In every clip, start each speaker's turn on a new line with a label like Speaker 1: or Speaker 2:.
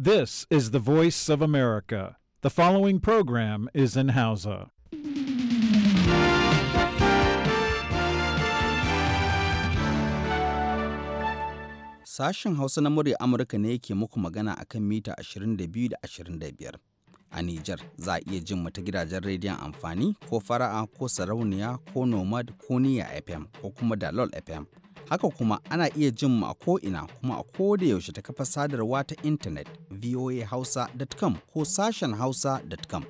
Speaker 1: This is the voice of America. The following program is in Hausa.
Speaker 2: Sashen Hausa na murya Amurka ne yake muku magana a kan mita 22 da 25. A Nijar za a iya jin ta gidajen rediyon amfani ko fara'a ko sarauniya ko nomad ko niya FM ko kuma dalol FM. Haka kuma ana iya jin mu a ko'ina kuma a da yaushe ta kafa sadarwa ta intanet voahausa.com ko sashen hausa.com.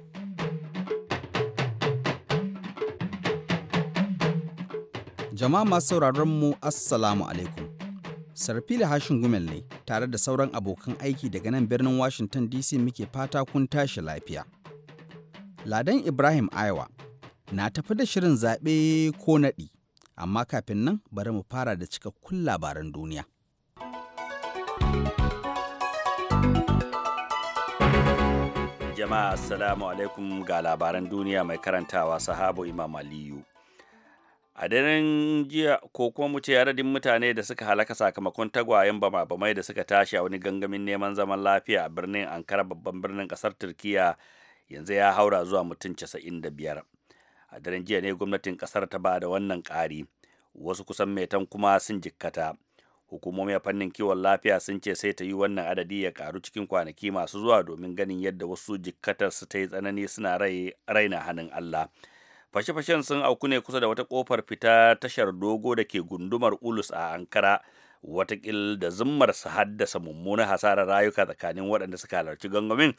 Speaker 2: Jama'a masu sauraron mu Assalamu alaikum. Sarfila hashin gumel ne tare da sauran abokan aiki daga nan birnin Washington DC muke fata kun tashi lafiya. Ladan Ibrahim Aiwa na tafi da shirin zaɓe ko naɗi amma kafin nan bari mu fara da cikakkun labaran duniya.
Speaker 3: Jama'a Assalamu alaikum ga labaran duniya mai karantawa sahabo Imam Aliyu. a daren jiya ko kuma mu ce adadin mutane da suka halaka sakamakon tagwayen bama-bamai da suka tashi a wani gangamin neman zaman lafiya a birnin ankara babban birnin kasar Turkiyya, yanzu ya haura zuwa mutum 95 a daren jiya ne gwamnatin kasar ta ba da wannan ƙari wasu kusan metan kuma sun jikkata hukumomi a fannin kiwon lafiya sun ce sai ta yi wannan adadi ya karu cikin kwanaki masu zuwa domin ganin yadda wasu jikkatar su ta yi tsanani suna raina hannun Allah fashe-fashen sun auku ne kusa da wata kofar fita tashar dogo da ke gundumar ulus a ankara watakil da zummar su haddasa mummunan hasarar rayuka tsakanin waɗanda suka halarci gangamin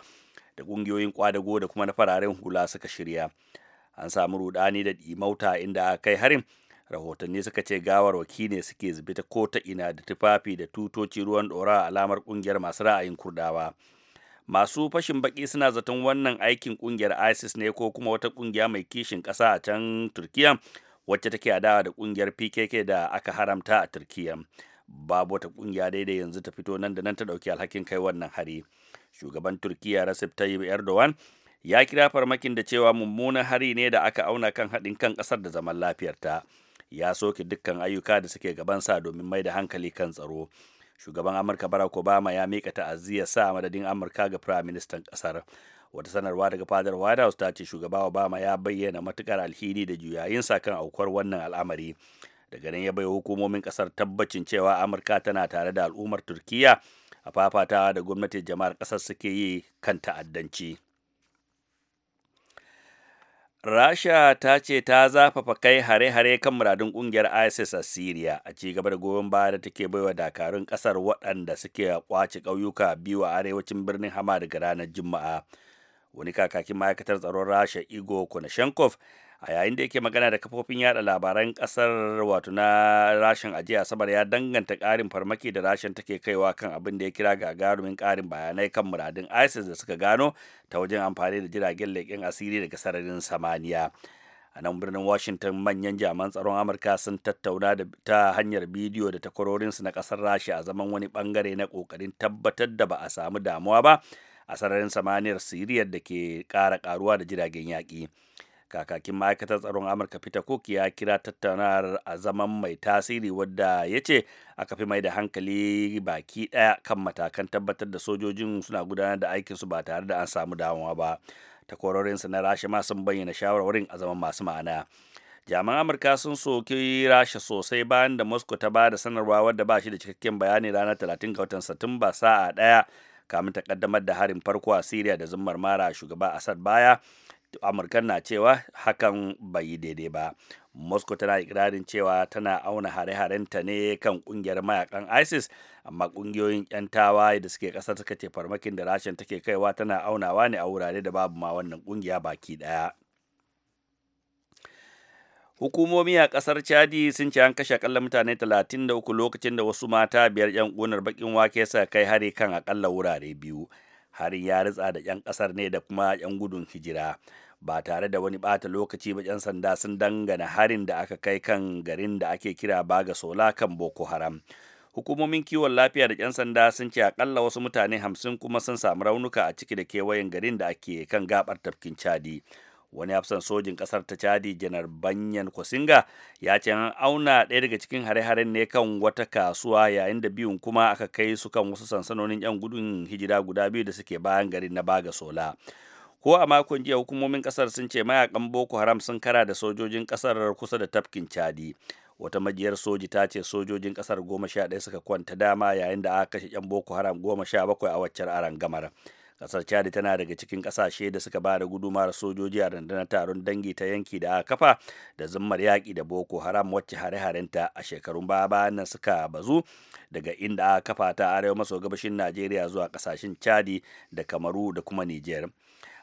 Speaker 3: da ƙungiyoyin kwadago da kuma na fararen hula suka shirya an samu rudani da ɗimauta inda a kai harin rahotanni suka ce gawarwaki ne suke zubita ko ta ina da tufafi da tutoci ruwan dorawa alamar kungiyar masu ra'ayin kurdawa masu fashin baki suna zaton wannan aikin kungiyar isis ne ko kuma wata kungiya mai kishin kasa a can turkiya wacce take adawa da kungiyar pkk da aka haramta a turkiya babu wata kungiya daidai yanzu ta fito nan da nan ta dauki alhakin kai wannan hari shugaban turkiya recep tayyip erdogan ya kira farmakin da cewa mummunan hari ne da aka auna kan haɗin kan ƙasar da zaman lafiyarta ya soke dukkan ayyuka da suke gabansa domin mai da hankali kan tsaro shugaban amurka barack obama ya mika ta'aziyya sa madadin amurka ga prime minister ƙasar wata sanarwa daga fadar white house ta ce shugaba obama ya bayyana matukar alhini da juyayinsa kan aukuwar wannan al'amari daga nan ya bai hukumomin ƙasar tabbacin cewa amurka tana tare da al'ummar turkiya a fafatawa da gwamnatin jama'ar ƙasar suke yi kan ta'addanci Rasha ta ce ta zafafa kai hare-hare kan muradun kungiyar ISIS a Siriya a ci gaba da goyon baya da take baiwa dakarun kasar waɗanda suke kwace ƙauyuka biyu a arewacin birnin Hama daga ranar Juma'a. Wani kakakin ma'aikatar tsaron Rasha Igor Konashenkov a yayin da yake magana da kafofin yada labaran kasar wato na rashin ajiya sabar ya danganta karin farmaki da rashin take kaiwa kan abin da ya kira gagarumin karin bayanai kan muradin isis da suka gano ta wajen amfani da jiragen leƙen asiri daga sararin samaniya a nan birnin washington manyan jaman tsaron amurka sun tattauna ta hanyar bidiyo da takwarorinsu na kasar rasha a zaman wani bangare na kokarin tabbatar da ba a samu damuwa ba a sararin samaniyar siriyar da ke kara karuwa da jiragen yaƙi kakakin ma'aikatar tsaron amurka peter cook ya kira tattaunawar a zaman mai tasiri wadda ya ce aka fi mai da hankali baki daya kan matakan tabbatar da sojojin suna gudanar da aikinsu ba tare da an samu damuwa ba takwarorinsa na rasha ma sun bayyana shawarwarin a zaman masu ma'ana jami'an amurka sun soki rasha sosai bayan da moscow ta ba da sanarwa wadda ba shi da cikakken bayani ranar 30 ga watan satumba sa'a daya kamin ta kaddamar da harin farko a syria da zummar mara shugaba assad baya amurkan na cewa hakan bai yi daidai ba moscow tana ikirarin cewa tana auna hare-harenta ne kan kungiyar mayakan isis amma kungiyoyin 'yan tawaye da suke kasar suka ce farmakin da rashin take kaiwa tana aunawa ne a wurare da babu ma wannan kungiya baki daya hukumomi a kasar chadi sun ce an kashe akalla mutane 33 lokacin da wasu mata biyar 'yan kunar bakin wake sa kai hari kan akalla wurare biyu harin ya ritsa da 'yan kasar ne da kuma 'yan gudun hijira ba tare da wani bata lokaci ba 'yan sanda sun dangana harin da aka kai kan garin da ake kira baga sola kan boko haram hukumomin kiwon lafiya da 'yan sanda sun ce akalla wasu mutane hamsin kuma sun samu raunuka a ciki da kewayen garin da ake kan gabar tafkin chadi wani hafsan sojin kasar ta chadi janar banyan kwasinga ya ce an auna ɗaya daga cikin hare-haren ne kan wata kasuwa yayin da biyun kuma aka kai su kan wasu sansanonin yan gudun hijira guda biyu da suke bayan garin na baga sola ko a makon jiya hukumomin kasar sun ce mayakan boko haram sun kara da sojojin kasar kusa da tafkin chadi wata majiyar soji ta ce sojojin kasar goma sha ɗaya suka kwanta dama yayin da aka kashe yan boko haram goma sha bakwai a waccar arangamar gamar kasar chad tana daga cikin kasashe da suka ba da gudumar sojoji a rundunar taron dangi ta yanki da aka kafa da zummar yaƙi da boko haram wacce hare-harenta a shekarun baya bayan nan suka bazu daga inda aka kafa ta arewa maso gabashin najeriya zuwa kasashen chadi da kamaru da kuma niger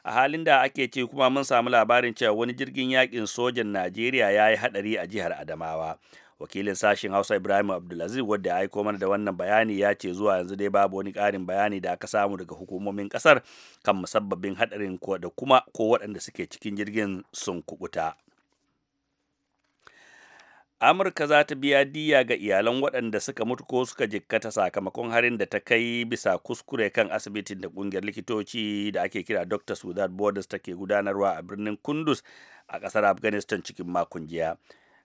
Speaker 3: a halin da ake ce kuma mun samu labarin cewa wani jirgin yakin sojan najeriya ya yi hadari a jihar adamawa wakilin sashen hausa ibrahim abdulaziz wadda ya aiko mana da wannan bayani ya ce zuwa yanzu dai babu wani karin bayani da aka samu daga hukumomin kasar kan musabbabin hadarin ko da kuma ko waɗanda suke cikin jirgin sun kubuta amurka za ta biya diya ga iyalan waɗanda suka mutu ko suka jikkata sakamakon harin da ta kai bisa kuskure kan asibitin da ƙungiyar likitoci da ake kira dr sudan borders take gudanarwa a birnin kundus a ƙasar afghanistan cikin makon jiya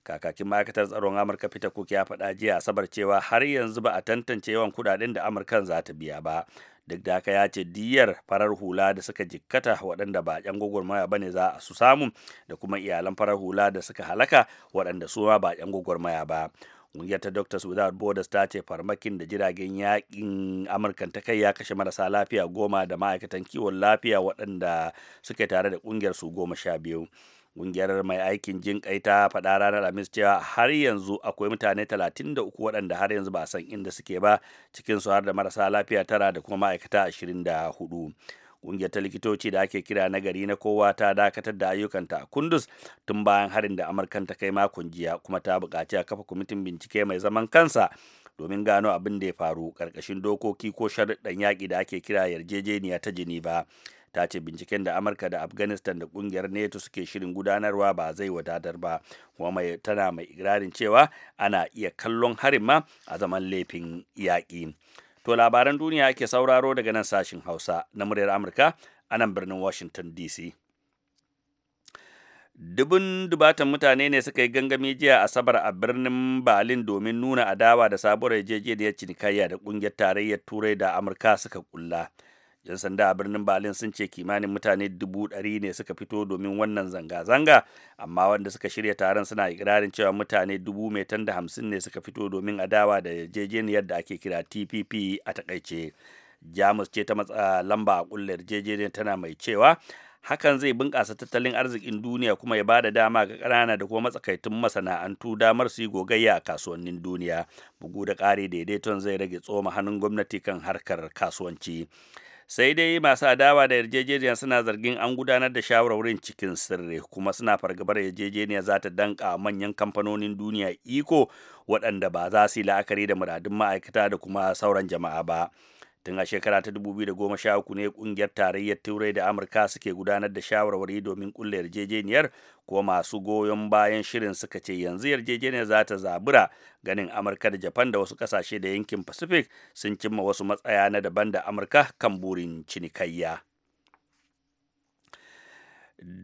Speaker 3: kakakin ma'aikatar tsaron amurka peter cook ya faɗa jiya asabar cewa har yanzu ba a tantance yawan kuɗaɗen da amurkan za ta biya ba duk da haka ya ce diyar farar hula da suka jikkata waɗanda ba yan gwagwarmaya ne za a su samu da kuma iyalan farar hula da suka halaka waɗanda su ma ba yan gwagwarmaya ba ƙungiyar ta doctors without borders ta ce farmakin da jiragen yakin amurkan ta kai ya kashe marasa lafiya goma da ma'aikatan kiwon lafiya waɗanda suke tare da ƙungiyar su goma sha biyu ƙungiyar mai aikin jin kai ta faɗa ranar amis cewa har yanzu akwai mutane 33 waɗanda har yanzu ba a san inda suke ba cikinsu har da marasa lafiya tara da kuma ma'aikata 24 kungiyar ta likitoci da ake kira na gari na kowa ta dakatar da ayyukanta a kundus tun bayan harin da amurkan ta kai makon jiya kuma ta bukaci a kafa kwamitin bincike mai zaman kansa domin gano abin da ya faru karkashin dokoki ko sharuɗan yaƙi da ake kira yarjejeniya ta geneva ta ce binciken da amurka da afghanistan da kungiyar neto suke shirin gudanarwa ba zai wadatar ba kuma tana mai ikirarin cewa ana iya kallon harin ma a zaman laifin yaƙi To labaran duniya ake sauraro daga nan sashin Hausa na muryar Amurka a nan birnin Washington DC. Dubun dubatan mutane ne suka yi gangami jiya Asabar a birnin Berlin domin nuna adawa da sabuwar yarjejeniyar cinikayya da ƙungiyar tarayyar Turai da Amurka suka ƙulla 'yan sanda a birnin berlin sun ce kimanin mutane dubu ɗari ne suka fito domin wannan zanga-zanga amma wanda suka shirya taron suna ikirarin cewa mutane dubu mai da hamsin ne suka fito domin adawa da yarjejeniyar da ake kira tpp a takaice jamus ce ta matsa lamba a kullar yarjejeniyar tana mai cewa hakan zai bunƙasa tattalin arzikin duniya kuma ya bada dama ga ƙanana da kuma matsakaitun masana'antu damar su yi gogayya a kasuwannin duniya bugu da ƙari daidaiton zai rage tsoma hannun gwamnati kan harkar kasuwanci sai dai masu adawa da yarjejeniya suna zargin an gudanar da shawarwarin cikin sirri kuma suna fargabar yarjejeniya za ta danka manyan kamfanonin duniya iko waɗanda ba za su yi la'akari da muradun ma'aikata da kuma sauran jama'a ba tun a shekara ta 2013 ne kungiyar tarayyar turai da amurka suke gudanar da shawarwari domin kulle yarjejeniyar ko masu goyon bayan shirin suka ce yanzu yarjejeniyar za ta zabura ganin amurka da japan da wasu kasashe da yankin pacific sun cimma wasu matsaya na daban da amurka kan burin cinikayya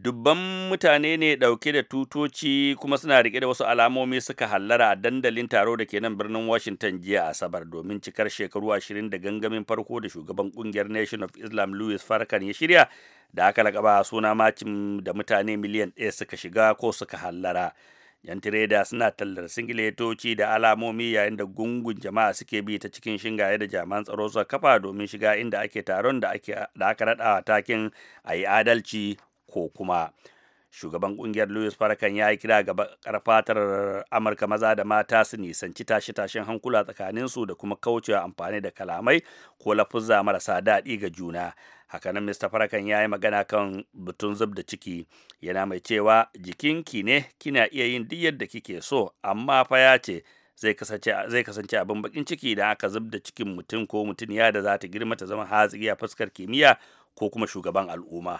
Speaker 3: dubban mutane ne ɗauke da tutoci kuma suna rike da wasu alamomi suka hallara a dandalin taro da ke nan birnin washington jiya asabar domin cikar shekaru ashirin da gangamin farko da shugaban ƙungiyar nation of islam louis farkan ya shirya da aka lakaba suna macin da mutane miliyan ɗaya suka shiga ko suka hallara yan tireda suna tallar singiletoci da alamomi yayin da gungun jama'a suke bi ta cikin shingaye da jaman tsaro suka kafa domin shiga inda ake taron da aka raɗa takin a yi adalci ko kuma shugaban kungiyar louis farakan ya yi kira ga karfatar amurka maza da mata su nisanci tashe-tashen hankula tsakanin su da kuma kaucewa amfani da kalamai ko lafuzza marasa daɗi ga juna hakanan mr farakan ya yi magana kan butun zub da ciki yana mai cewa jikinki ne kina iya yin duk yadda kike so amma fa ya ce zai kasance abin bakin ciki da aka zub da cikin mutum ko mutum ya da za ta girma ta zama hatsi a fuskar kimiyya ko kuma shugaban al'umma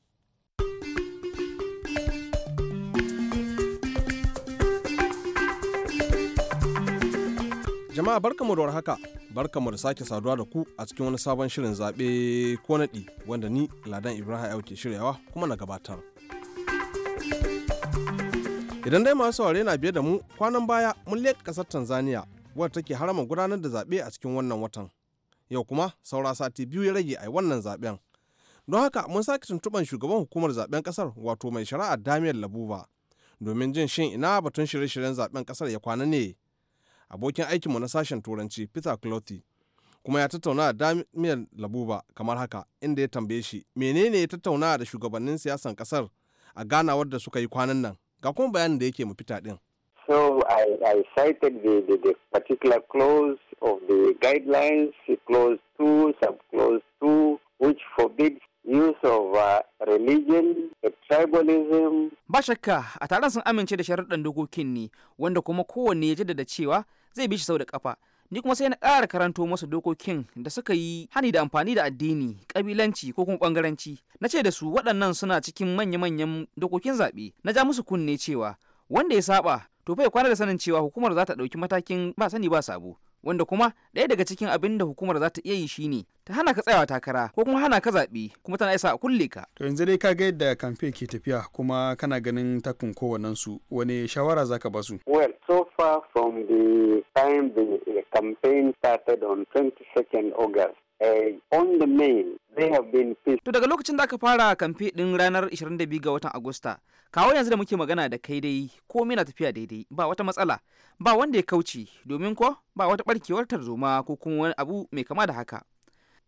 Speaker 4: Jama'a barka barkamu da warhaka, mu da sake saduwa da ku a cikin wani sabon shirin zaɓe ko naɗi wanda ni Ladan Ibrahim Ayo ke shiryawa kuma na gabatar. Idan dai masu saurare na biye da mu kwanan baya mun leƙa ƙasar Tanzania wadda take harama gudanar da zaɓe a cikin wannan watan. Yau kuma saura sati biyu ya rage a wannan zaɓen. Don haka mun sake tuntuɓan shugaban hukumar zaɓen ƙasar wato mai shari'a damiyar Labuba domin jin shin ina batun shirye-shiryen zaɓen ƙasar ya kwana ne. abokin aikinmu na sashen turanci peter clothy kuma ya tattauna da damiyar labuba kamar haka inda ya tambaye shi menene ya tattauna da shugabannin siyasan kasar a ganawar da suka yi kwanan nan ga kuma bayanin da yake mu fita din
Speaker 5: So I, I
Speaker 6: cited the, the, the particular clause of the guidelines, clause 2, subclause 2, which forbids use of uh, religion, tribalism.
Speaker 1: Ba shakka a taron sun amince da sharuɗan dokokin ne, wanda kuma kowanne ya jaddada cewa zai bi shi sau da kafa ni kuma sai na ƙara karanto masa dokokin da suka yi hani da amfani da addini ƙabilanci ko kuma ɓangaranci na ce da su waɗannan suna cikin manya-manyan dokokin zaɓe na ja musu kunne cewa wanda ya saba to fa ya kwana da sanin cewa hukumar za ta ɗauki matakin ba sani ba sabo wanda kuma ɗaya daga cikin abin da hukumar za ta iya yi shine ta hana ka tsayawa takara ko kuma hana ka zaɓe kuma tana isa a kulle ka.
Speaker 7: To yanzu dai ka ga yadda kamfe ke tafiya kuma kana ganin takun kowannen su wani shawara zaka ba su.
Speaker 6: Well, so far from the time the campaign started on 22nd August, Uh, on the main, they have been To
Speaker 1: daga lokacin da aka fara kamfe ɗin ranar 22 ga watan Agusta, kawo yanzu da muke magana da kai dai ko na tafiya daidai ba wata matsala ba wanda ya kauce domin ko ba wata barkewar tarzoma ko kuma wani abu mai kama da haka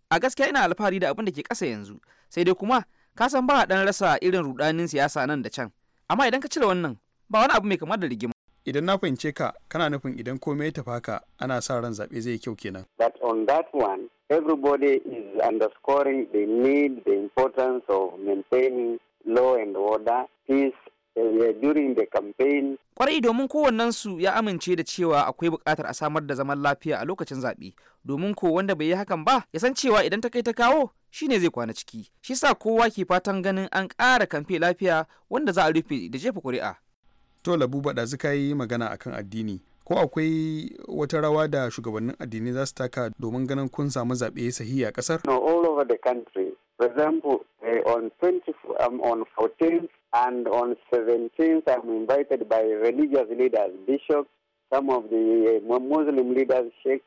Speaker 1: a gaskiya ina alfahari da abin da ke ƙasa yanzu sai dai kuma ka san ba dan rasa irin rudanin siyasa nan da can amma idan ka cire wannan ba wani abu mai kama da rigima idan na fahimce ka kana
Speaker 7: nufin idan komai ya tafaka ana sa ran zaɓe zai kyau kenan
Speaker 6: but on that one everybody is underscoring the need the importance of maintaining law and order, peace eh, during the campaign.
Speaker 1: Kwarai domin kowannensu ya amince da cewa akwai bukatar a samar da zaman lafiya a lokacin zaɓe. Domin ko wanda bai yi hakan ba, ya san cewa idan ta kai ta kawo shi ne zai kwana ciki. Shi sa kowa ke fatan ganin an ƙara kamfe lafiya wanda za a rufe da jefa ƙuri'a. To labu baɗa zuka yi magana akan addini. Ko
Speaker 7: akwai wata rawa da shugabannin addini za su taka domin ganin kun samu zaɓe sahihi a
Speaker 6: ƙasar? No, all over the country. For example, uh, on 20, um, on 14th and on 17th, I'm invited by religious leaders, bishops, some of the uh, Muslim leaders, sheikhs,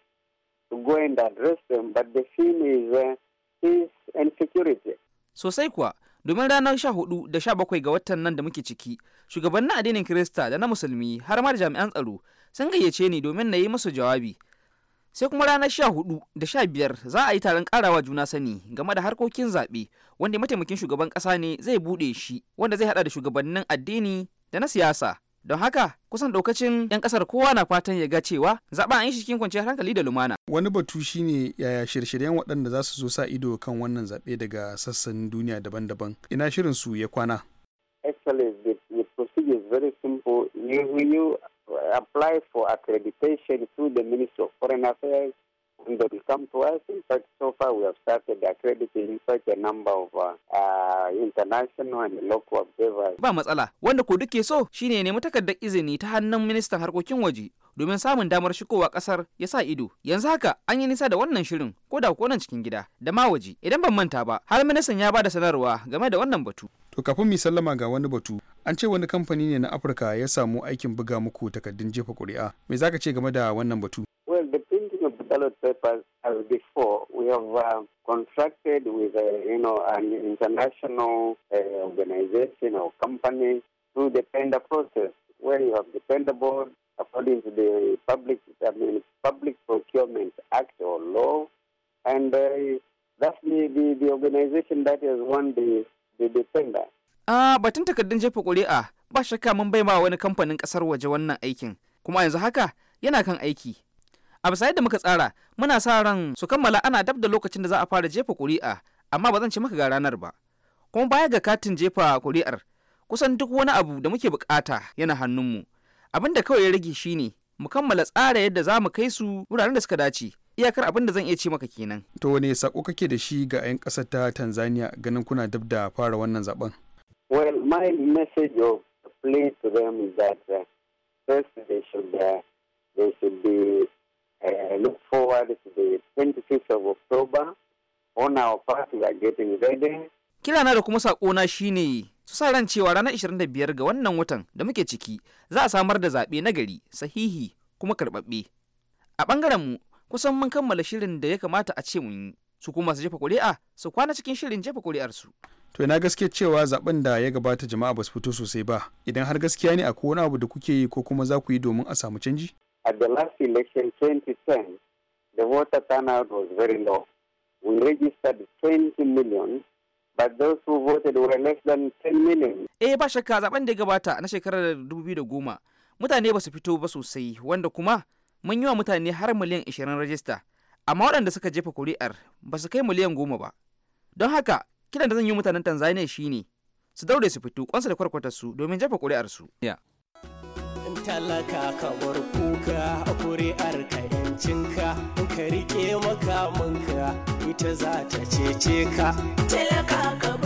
Speaker 6: to go and address them. But the theme is uh, peace and
Speaker 1: security. Sosai kuwa, domin ranar sha hudu da sha bakwai ga watan nan da muke ciki, shugabannin addinin Kirista da na Musulmi har ma da jami'an tsaro sun gayyace ni domin na yi musu jawabi sai kuma ranar sha hudu da sha biyar za a yi taron karawa juna sani game da harkokin zaɓe wanda mataimakin shugaban ƙasa ne zai buɗe shi wanda zai haɗa da shugabannin addini da na siyasa don haka kusan daukacin 'yan kasar kowa na fatan ya ga cewa zaɓen an yi cikin kwanciyar hankali da lumana.
Speaker 7: Wani batu shine yaya shirye-shiryen waɗanda za su zo sa ido kan wannan zaɓe daga sassan duniya daban-daban. Ina shirin su ya kwana.
Speaker 6: Excellence, apply for accreditation through the Ministry of Foreign Affairs, and they will come to us. In fact, so far we have started accrediting quite a number of uh, uh, international and local observers.
Speaker 1: Ba matsala, wanda ku duke so shine nemi takardar izini ta hannun ministan harkokin waje domin samun damar shigowa kasar ya sa ido. Yanzu haka an yi nisa da wannan shirin ko da nan cikin gida da ma waje idan ban manta ba har ministan ya ba da sanarwa game da wannan batu.
Speaker 7: To kafin mu sallama ga wani batu an ce wani kamfani ne na afirka ya samu aikin buga muku takardun jefa kuri'a me zaka ce game da wannan batu
Speaker 6: well the printing of ballot papers as before we have uh, contracted with uh, you know an international uh, organization or company through the tender process where you have the tender board according to the public I mean, public procurement act or law and uh, that's the, the, the organization that has won the, the, the tender
Speaker 1: a batun takardun jefa ƙuri'a ba shakka mun bai ma wani kamfanin ƙasar waje wannan aikin kuma yanzu haka yana kan aiki a bisa yadda muka tsara muna sa ran su kammala ana dab da lokacin da za a fara jefa ƙuri'a amma ba zan ce maka ga ranar ba kuma baya ga katin jefa ƙuri'ar kusan duk wani abu da muke buƙata yana hannunmu abin da kawai ya rage shine mu kammala tsara yadda za mu kai su wuraren da suka dace iyakar abin da zan iya ce maka kenan to ne sako
Speaker 7: kake da shi ga 'yan ƙasar ta tanzania ganin kuna dab da fara wannan zaben
Speaker 6: Well, my message of plea to them is that uh, first they should uh, they should be uh, look forward to the 25 th of October. On our party are getting ready.
Speaker 1: Kila na da kuma sakona shine su sa ran cewa ranar 25 ga wannan watan da muke ciki za a samar da zaɓe na gari sahihi kuma karɓaɓɓe. A ɓangaren mu kusan mun kammala shirin da ya kamata a ce mun yi su kuma su jefa kuri'a su kwana cikin shirin jefa kuri'ar su.
Speaker 7: to ina gaske cewa zaben da ya gabata jama'a ba su fito sosai ba idan har gaskiya ne akwai wani abu da kuke yi ko kuma za ku yi domin a samu canji.
Speaker 6: at the last election 2010 the voter turnout was very low we registered 20 million but those who voted were less than 10 million. eh
Speaker 1: ba shakka zaben da ya gabata na shekarar 2010 mutane ba su fito ba sosai wanda kuma mun yi wa mutane har miliyan 20 rajista amma waɗanda suka jefa kuri'ar ba su kai miliyan goma ba don haka kiran da zan yi mutanen tanzania shine su daure su fito kwansa da kwarkwatar su domin jefa kuri'ar su
Speaker 2: talaka ka bar kuka kuri'ar ka yancinka ka rike makamanka ita za
Speaker 8: ta cece ka
Speaker 1: talaka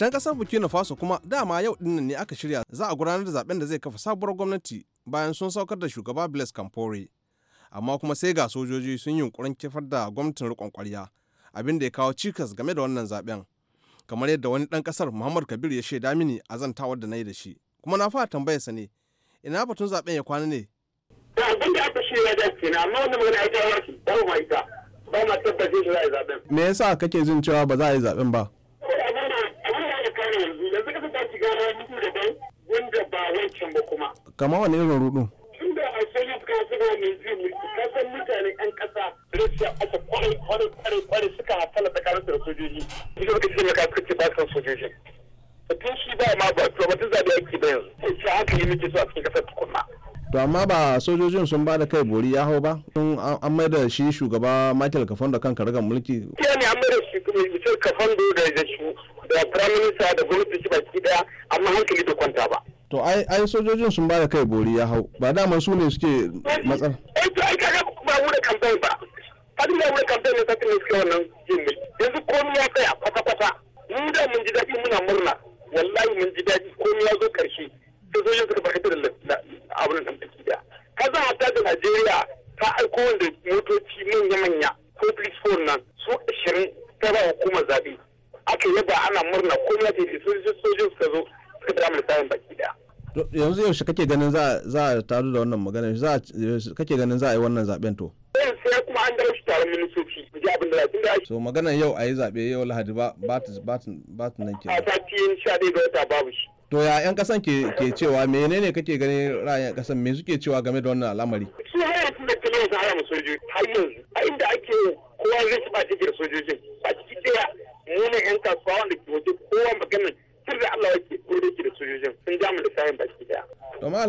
Speaker 4: can kasar burkina faso kuma dama yau dinnan ne aka shirya za a gudanar da zaben da zai kafa sabuwar gwamnati bayan sun saukar da shugaba blaise kamfore amma kuma sai ga sojoji sun yi yunkurin kifar da gwamnatin riƙon ƙwarya abin da ya kawo cikas game da wannan zaben kamar yadda wani dan ƙasar muhammad kabir ya shaida mini a zantawar da na yi da shi kuma na fara sa ne ina batun zaben ya kwana ne.
Speaker 8: abin aka shirya da amma wanda magana ya ta ba ma za a yi zaben.
Speaker 4: me yasa kake jin cewa ba za a yi zaben ba.
Speaker 8: gane yanzu yanzu kasa ta shiga rudu daban wanda ba wancan ba kuma.
Speaker 9: Kama wani irin rudu?
Speaker 8: Tun da a sanya suka suna mai zai mulki kasan mutane ɗan ƙasa rashin aka kwarai kwarai kwarai kwarai suka hasala tsakanin da sojoji. Suka suka ce maka suka ce ba su sojoji. Tun shi ba ma ba tuwa ba tun zaɓe ake da yanzu. Sai haka yi muke zuwa a cikin ƙasar
Speaker 4: tukunna. to amma ba sojojin sun ba da kai bori ya hau ba sun an mai da shi shugaba michael kafondo kan karagar mulki ya ne an mai da shi
Speaker 8: michael kafondo da da prime minister da gwamnati shi baki daya amma hankali da kwanta ba
Speaker 4: to ai ai sojojin sun ba da kai bori ya hau ba dama su ne suke matsala eh to
Speaker 8: ai kaga ba mu da kamfen ba fadin da mu da kamfen ne sakin ne suke wannan jin yanzu komai ya tsaya
Speaker 1: yaushe
Speaker 4: kake ganin za a taru da wannan magana za kake ganin za a yi wannan zaben to eh, sai kuma an gaba taron ministoci mu ji abin da za su so magana yau a yi zaɓe yau lahadi ba ba ba nan ke a sati yin sha ɗaya ga wata babu shi to ya yan kasan ke ke cewa menene kake ganin ra'ayin kasan me suke cewa game da wannan al'amari
Speaker 8: su har tun da kilo su hana sojoji har yanzu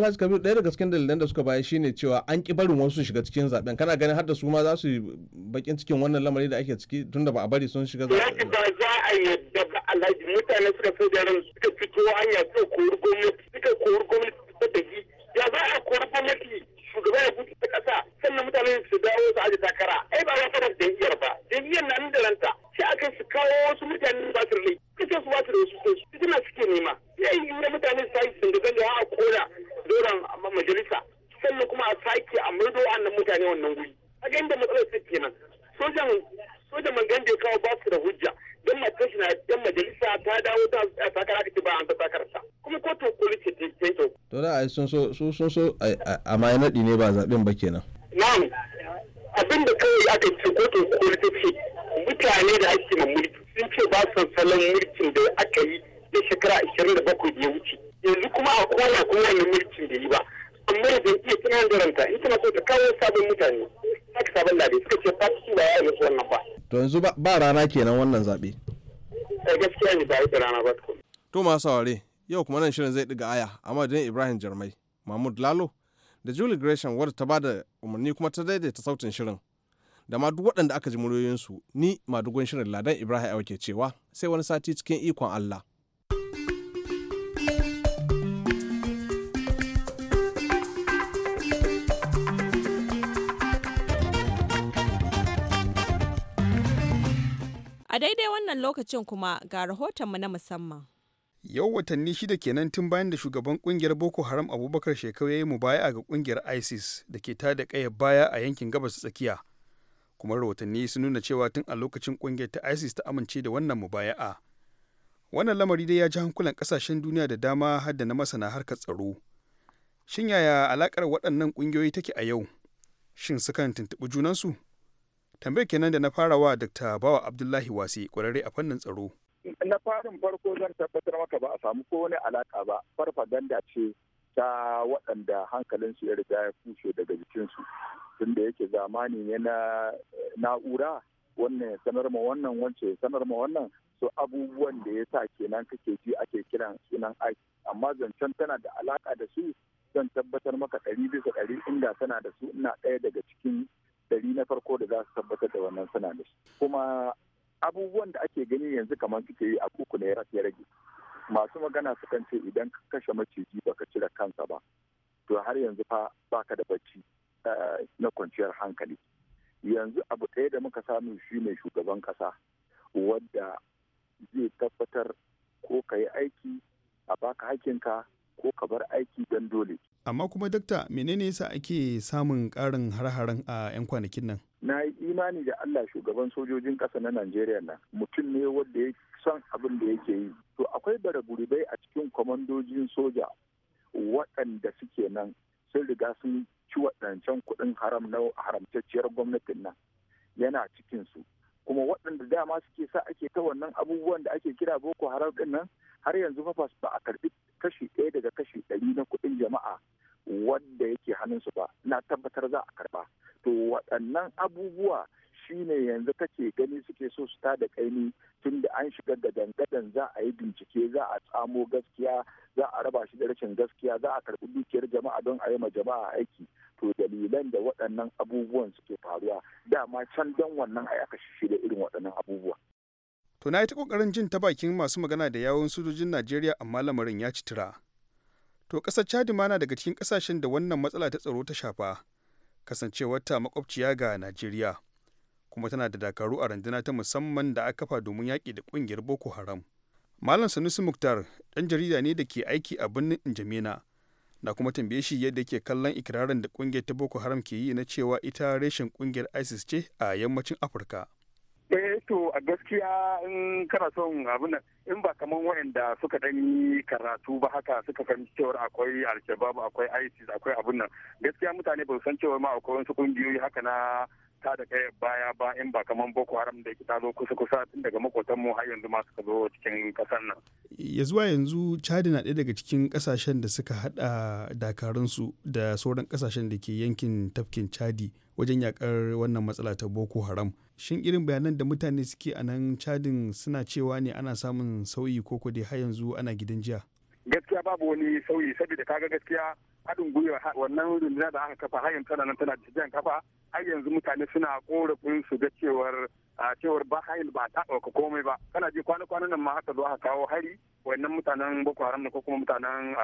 Speaker 4: alhaji kabir ɗaya daga cikin dalilan da suka bayar shine cewa an ki barin wasu shiga cikin zaben kana ganin har da su ma za su bakin cikin wannan lamari da ake ciki tunda ba a bari sun shiga zaben
Speaker 8: ba za a yadda ba alhaji mutane suka fi da ran suka fito hanya suka kori gwamnati suka kori gwamnati ta tafi ya za a kori gwamnati shugaban ya gudu ta ƙasa sannan mutane su dawo su aje takara ai ba wata da jam'iyyar ba jam'iyyar na da ranta sai aka su kawo wasu mutane ba su rai kace su ba su da wasu su suna suke nema sai yi mutane su yi zanga a kona doron majalisa sannan kuma a sake a murdo wa'annan mutane wannan guri a ga inda matsalar su kenan sojan sojan mangan da ya kawo ba su da hujja don matar shi na yan majalisa ta dawo ta takara da ba an ta takarar ta kuma kotu koli ce ta yi to.
Speaker 4: to da ai sun so sun so a ma naɗi ne ba zaɓen ba kenan.
Speaker 8: na'am abin da kawai aka ce kotu koli ce mutane da ake mamulki sun ce ba su salon mulkin da aka yi da shekara ashirin da bakwai da ya wuce. yanzu kuma a kona kowane wannan mulkin da yi ba amma idan iya tana da ita in so ta kawo sabon mutane haka sabon labe suka ce su ba ya
Speaker 4: yi wannan ba to yanzu ba rana kenan wannan zaɓe.
Speaker 8: a eh, gaskiya ne ba yi rana ba
Speaker 4: to masu saurare yau kuma nan shirin zai ɗiga aya a madadin ibrahim jarmai mahmud lalo da julie gresham wadda ta bada umarni kuma ta daidaita sautin shirin da ma duk waɗanda aka ji muryoyinsu ni madugun shirin ladan ibrahim ke cewa sai wani sati cikin ikon allah
Speaker 7: daidai wannan lokacin kuma ga rahotonmu na musamman. Yau watanni shida kenan tun bayan da shugaban kungiyar Boko Haram Abubakar Shekau ya yi mu baya ga kungiyar ISIS da ke ta da kaya baya a yankin gabas tsakiya. Kuma rahotanni sun nuna cewa tun a lokacin kungiyar ta ISIS ta amince da wannan mu mubaya'a. Wannan lamari dai ya ji hankulan kasashen duniya da dama har da na masana harkar tsaro. Shin yaya alakar waɗannan ƙungiyoyi take a yau? Shin sukan tuntuɓi junansu? tambayar kenan da na fara wa dr bawa abdullahi wasi kwararre a fannin tsaro
Speaker 5: na farin farko zan tabbatar maka ba a samu ko wani alaka ba farfaganda ce ta waɗanda hankalinsu ya riga ya kushe daga jikinsu tunda yake zamani ne na na'ura wannan ya sanar ma wannan wance sanar ma wannan so abubuwan da ya sa kenan kake ji ake kiran sunan aiki amma zancen tana da alaka da su zan tabbatar maka ɗari bisa ɗari inda tana da su ina ɗaya daga cikin ɗari na farko da za su tabbatar da wannan suna da shi kuma abubuwan da ake gani yanzu kamar suke yi a kuku ne ya rage masu magana sukan ce idan ka kashe maciji baka cire kansa ba to har yanzu fa baka da bacci eh, na kwanciyar hankali yanzu abu ɗaya da muka samu shi ne shugaban ƙasa wadda zai tabbatar ko ka yi aiki a baka hakinka ko ka bar aiki don dole
Speaker 7: amma kuma dakta menene yasa ake samun karin har-haren a 'yan kwanakin nan
Speaker 5: na yi imani da allah shugaban sojojin ƙasa na najeriya na mutum ne wanda ya son abin da yake yi to akwai bara a cikin kwamandojin soja waɗanda suke nan sun riga sun ci waɗancan kuɗin haram na haramtacciyar gwamnatin nan yana cikin su kuma waɗanda dama suke sa ake ta wannan abubuwan da ake kira boko haram ɗin nan har yanzu fa ba a karɓi kashi ɗaya daga kashi ɗari na kuɗin jama'a wanda yake hannunsu ba na tabbatar za a karɓa to waɗannan abubuwa shine yanzu kake gani suke so su tada kaini tun da an shiga da dangadan za a yi bincike za a tsamo gaskiya za a raba shi da rashin gaskiya za a karɓi dukiyar jama'a don a yi ma jama'a aiki to dalilan da waɗannan abubuwan suke faruwa dama can don wannan ai aka da irin waɗannan abubuwa
Speaker 7: to na yi ta kokarin jin ta bakin masu magana da yawon sojojin najeriya amma lamarin ya ci tura to ƙasar chadi ma na daga cikin ƙasashen da wannan matsala ta tsaro ta shafa kasancewarta makwabciya ga najeriya kuma tana da dakaru a randuna ta musamman da aka kafa domin yaƙi da ƙungiyar boko haram malam sanusi muktar ɗan jarida ne da ke aiki a birnin injamena na kuma tambaye shi yadda ke kallon ikirarin da ƙungiyar ta boko haram ke yi na cewa ita reshen ƙungiyar isis ce a yammacin afirka
Speaker 5: eh to a gaskiya in kana son abin in ba kaman waɗanda suka dan yi karatu ba haka suka fahimci cewar akwai alshabab akwai isis akwai abin nan gaskiya mutane ba san cewa ma akwai wasu kungiyoyi haka na ta da kai baya ba in ba kaman boko haram da ke ta zo kusa kusa tun daga makotan mu har yanzu masu suka cikin kasar nan
Speaker 7: ya zuwa yanzu chad na ɗaya daga cikin kasashen da suka hada dakarun su da sauran kasashen da ke yankin tafkin chadi wajen yakar wannan matsala ta boko haram shin irin bayanan da mutane suke a nan chadin suna cewa ne ana samun sauyi ko dai har yanzu ana gidan jiya
Speaker 5: gaskiya babu wani sauyi saboda kaga gaskiya haɗin gwiwa wannan rundunar da aka kafa har yanzu tana nan tana jan kafa har yanzu mutane suna korafin su ga cewar a cewar ba hayil ba ta ɗauka komai ba kana ji kwana-kwanan nan ma haka zo aka kawo hari wannan mutanen boko haram ko kuma mutanen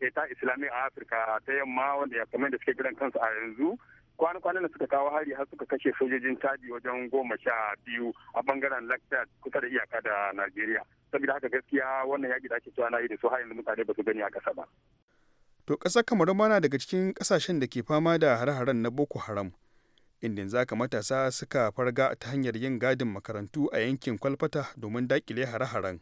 Speaker 5: eta islami a afirka ta yamma wanda ya kamar da suke gidan kansu a yanzu kwana-kwanan nan suka kawo hari har suka kashe sojojin chadi wajen goma sha biyu a bangaren lakshad kusa da iyaka da nigeria saboda haka gaskiya wannan yaƙi da ake cewa na yi da su har yanzu mutane ba su gani a ƙasa ba.
Speaker 7: To ƙasar Kamaru ma daga cikin ƙasashen da ke fama da hare-haren na Boko Haram. Inda yanzu ka matasa suka farga ta hanyar yin gadin makarantu a yankin Kwalfata domin daƙile hare-haren.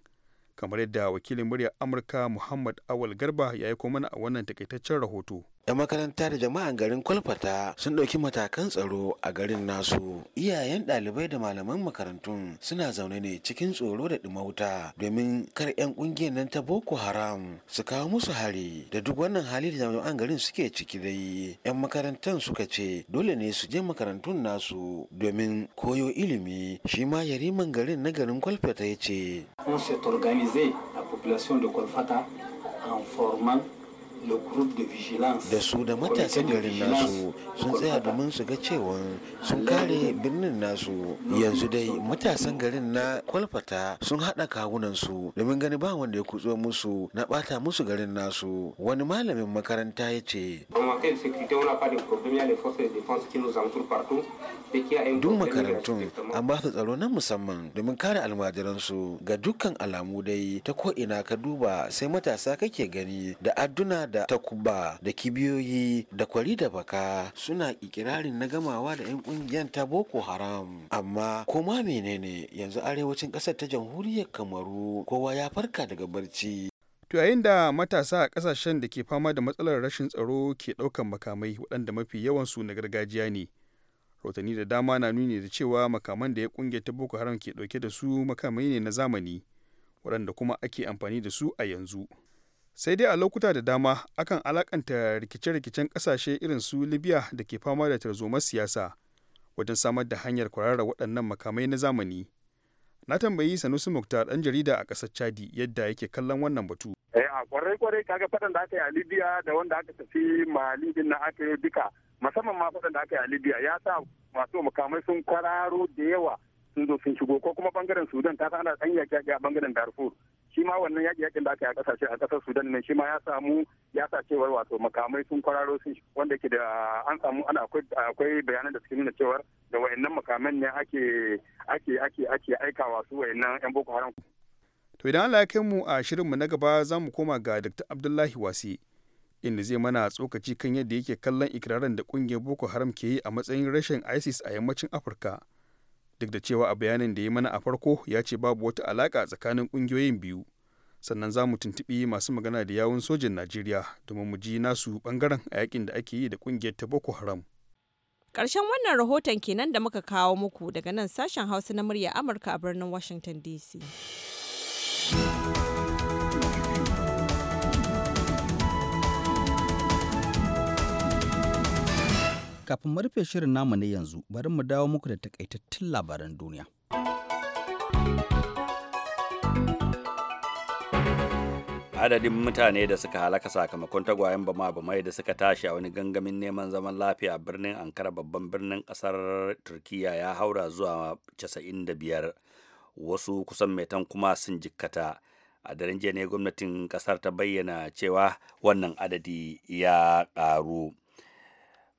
Speaker 7: Kamar yadda wakilin muryar Amurka Muhammad Awal Garba ya yi mana a wannan takaitaccen rahoto.
Speaker 9: 'yan makaranta da jama'an garin kwalfata sun ɗauki matakan tsaro a garin nasu iyayen ɗalibai da malaman makarantun suna zaune ne cikin tsoro da ɗumauta domin kar 'yan ƙungiyar nan ta boko haram su kawo musu hari da duk wannan hali da jama'an garin suke ciki dai 'yan makarantar suka ce dole ne su je makarantun nasu domin koyo ilimi shi ma yariman garin na garin kwalfata ya ce
Speaker 2: population de Kolfata en formant da su da matasan garin nasu
Speaker 9: sun tsaya domin su ga cewa sun kare birnin nasu yanzu dai matasan garin na kwalfata sun haɗa kawunansu domin gani ba wanda ya kutso musu na bata musu garin nasu wani malamin makaranta ya
Speaker 1: ce duk makarantun
Speaker 9: an ba su tsaro na musamman domin kare almajiransu ga dukkan alamu dai ta ko ina ka duba sai matasa kake gani da adduna da takuba da kibiyoyi da kwari da baka suna ikirarin na gamawa da 'yan kungiyar ta boko haram amma koma menene yanzu arewacin ƙasar ta jamhuriyar kamaru
Speaker 7: kowa ya farka daga barci To yayin da matasa a ƙasashen da ke fama da matsalar rashin tsaro ke ɗaukan makamai waɗanda mafi yawansu na gargajiya ne. rotani da dama na nuni da cewa makaman da ya ƙungiyar ta Boko Haram ke ɗauke da su makamai ne na zamani waɗanda kuma ake amfani da su a yanzu. sai dai a lokuta da dama akan alakanta rikice-rikicen kasashe irin su libya da ke fama da tarzoma siyasa wajen samar da hanyar kwararra waɗannan makamai na zamani na tambayi sanusi mukta dan jarida a ƙasar chadi yadda yake kallon wannan batu
Speaker 5: eh, a kwarai kwarai kaga faɗan da aka yi a libya da wanda aka tafi mali din na aka yi duka musamman ma faɗan da aka yi a libya ya sa masu makamai sun kwararo da yawa sun zo sun shigo ko kuma bangaren sudan ta ana ɗan yaƙi a bangaren darfur shi ma wannan yaƙi yaƙin da aka yi a ƙasashe a ƙasar sudan ne shi ma ya samu ya sa cewar wato makamai sun kwararo sun wanda ke da an samu ana akwai bayanan da suke nuna cewar da wayannan makaman ne ake ake ake ake aikawa su wayannan yan boko haram
Speaker 7: to idan Allah ya kai mu a shirin mu na gaba za mu koma ga Dr. Abdullahi Wasi inda zai mana tsokaci kan yadda yake kallon ikirarin da kungiyar Boko Haram ke yi a matsayin rashin ISIS a yammacin Afirka duk da cewa a bayanin da ya mana a farko ya ce babu wata alaƙa tsakanin ƙungiyoyin biyu sannan za mu tuntuɓi masu magana da yawun sojin najeriya domin mu ji nasu ɓangaren a yakin da ake yi da ƙungiyar ta boko haram ƙarshen wannan rahoton kenan da muka kawo muku daga nan sashen hausa na murya amurka a birnin washington dc
Speaker 2: Kafin mu rufe shirin namu na yanzu, bari mu dawo muku da takaitattun labaran duniya.
Speaker 3: adadin mutane da suka halaka sakamakon tagwayen bama bamai da suka tashi a wani gangamin neman zaman lafiya birnin ankara babban birnin kasar Turkiyya ya haura zuwa 95 wasu kusan metan kuma sun jikkata a daren jiya ne gwamnatin kasar ta bayyana cewa wannan adadi ya karu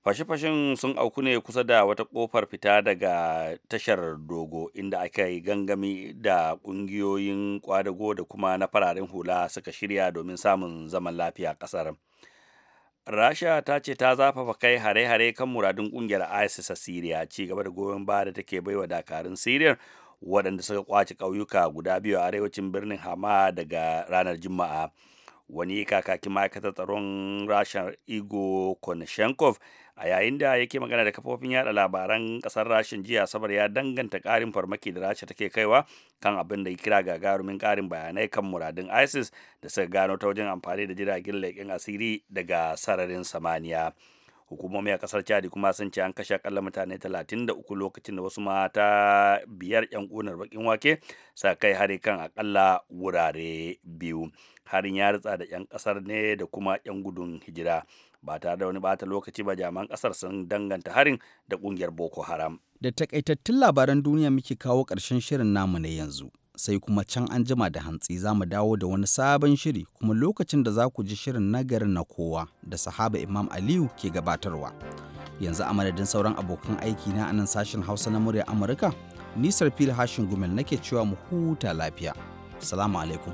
Speaker 3: fashe-fashen sun auku ne kusa da wata kofar fita daga tashar dogo inda aka yi gangami da ƙungiyoyin kwadago da kuma na fararen hula suka shirya domin samun zaman lafiya ƙasar. rasha ta ce ta zafafa kai hare-hare kan muradun ƙungiyar isis a syria ci gaba da goyon ba da take baiwa dakarun syria waɗanda suka kwace ƙauyuka guda biyu a arewacin birnin hama daga ranar juma'a wani kakakin ma'aikatar tsaron rashin igo konashenkov a yayin da yake magana da kafofin yada labaran kasar rashin jiya saboda ya danganta karin farmaki da rasha take kaiwa kan abin da ya kira gagarumin karin bayanai kan muradin isis da suka gano ta wajen amfani da jiragen leƙen asiri daga sararin samaniya hukumomi a kasar chadi kuma sun ce an kashe akalla mutane 33 lokacin da wasu mata biyar yan gonar bakin wake sa kai hari kan akalla wurare biyu harin ya ritsa da yan kasar ne da kuma yan gudun hijira ba tare da wani bata lokaci ba jami'an kasar sun danganta harin da kungiyar boko haram
Speaker 2: da takaitattun labaran duniya muke kawo karshen shirin namu na yanzu sai kuma can an jima da hantsi za mu dawo da wani sabon shiri kuma lokacin da za ku ji shirin nagarin na kowa da sahaba imam aliyu ke gabatarwa yanzu a madadin sauran abokan aiki na anan sashen hausa na murya amurka nisar fil hashin gumel nake cewa mu huta lafiya salamu
Speaker 4: alaikum